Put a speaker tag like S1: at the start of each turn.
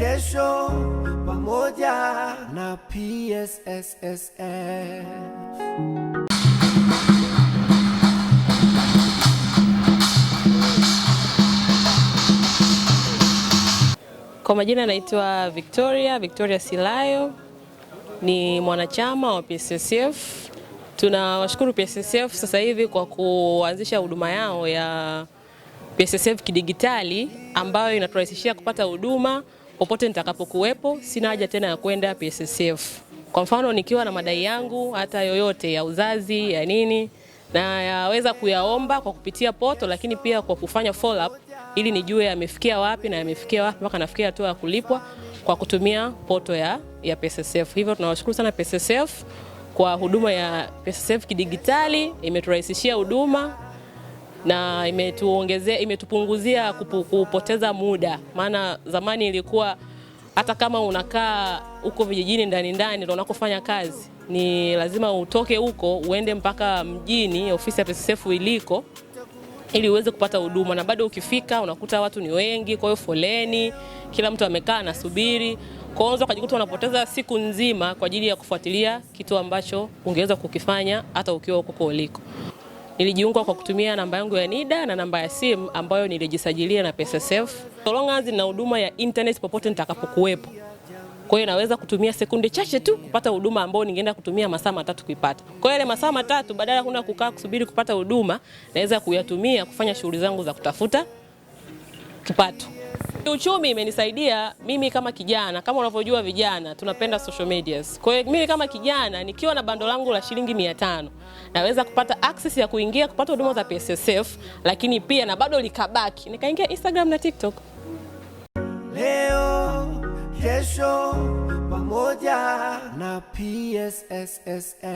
S1: kesho pamoja na PSSSF. Kwa majina naitwa Victoria Victoria Silayo, ni mwanachama wa pssf Tunawashukuru pssf sasa hivi kwa kuanzisha huduma yao ya pssf kidigitali ambayo inaturahisishia kupata huduma popote nitakapokuwepo, sina haja tena ya kwenda PSSF. Kwa mfano nikiwa na madai yangu hata yoyote ya uzazi ya nini, na yaweza kuyaomba kwa kupitia poto, lakini pia kwa kufanya follow up ili nijue yamefikia wapi na yamefikia wapi mpaka nafikia hatua ya kulipwa kwa kutumia poto ya, ya PSSF. Hivyo tunawashukuru sana PSSF kwa huduma ya PSSF kidigitali, imeturahisishia huduma na imetuongezea, imetupunguzia kupu, kupoteza muda, maana zamani ilikuwa hata kama unakaa huko vijijini ndani ndani ndio unakofanya kazi, ni lazima utoke huko uende mpaka mjini ofisi ya PSSF iliko ili uweze kupata huduma, na bado ukifika unakuta watu ni wengi, kwa hiyo foleni, kila mtu amekaa anasubiri, kwa hiyo ukajikuta unapoteza siku nzima kwa ajili ya kufuatilia kitu ambacho ungeweza kukifanya hata ukiwa huko uliko. Nilijiunga kwa kutumia namba yangu ya NIDA na namba ya simu ambayo nilijisajilia na PesaSafe. So long as na huduma ya internet popote nitakapokuwepo. Kwa hiyo naweza kutumia sekunde chache tu kupata huduma ambayo ningeenda kutumia masaa matatu kuipata. Kwa hiyo ile masaa matatu badala ya kwenda kukaa kusubiri kupata huduma, naweza kuyatumia kufanya shughuli zangu za kutafuta kipato. Uchumi imenisaidia mimi kama kijana, kama unavyojua vijana tunapenda social medias. Kwa hiyo mimi kama kijana nikiwa na bando langu la shilingi 500 naweza kupata access ya kuingia kupata huduma za pssf lakini pia na bado likabaki nikaingia Instagram na TikTok. Leo kesho pamoja na PSSSF.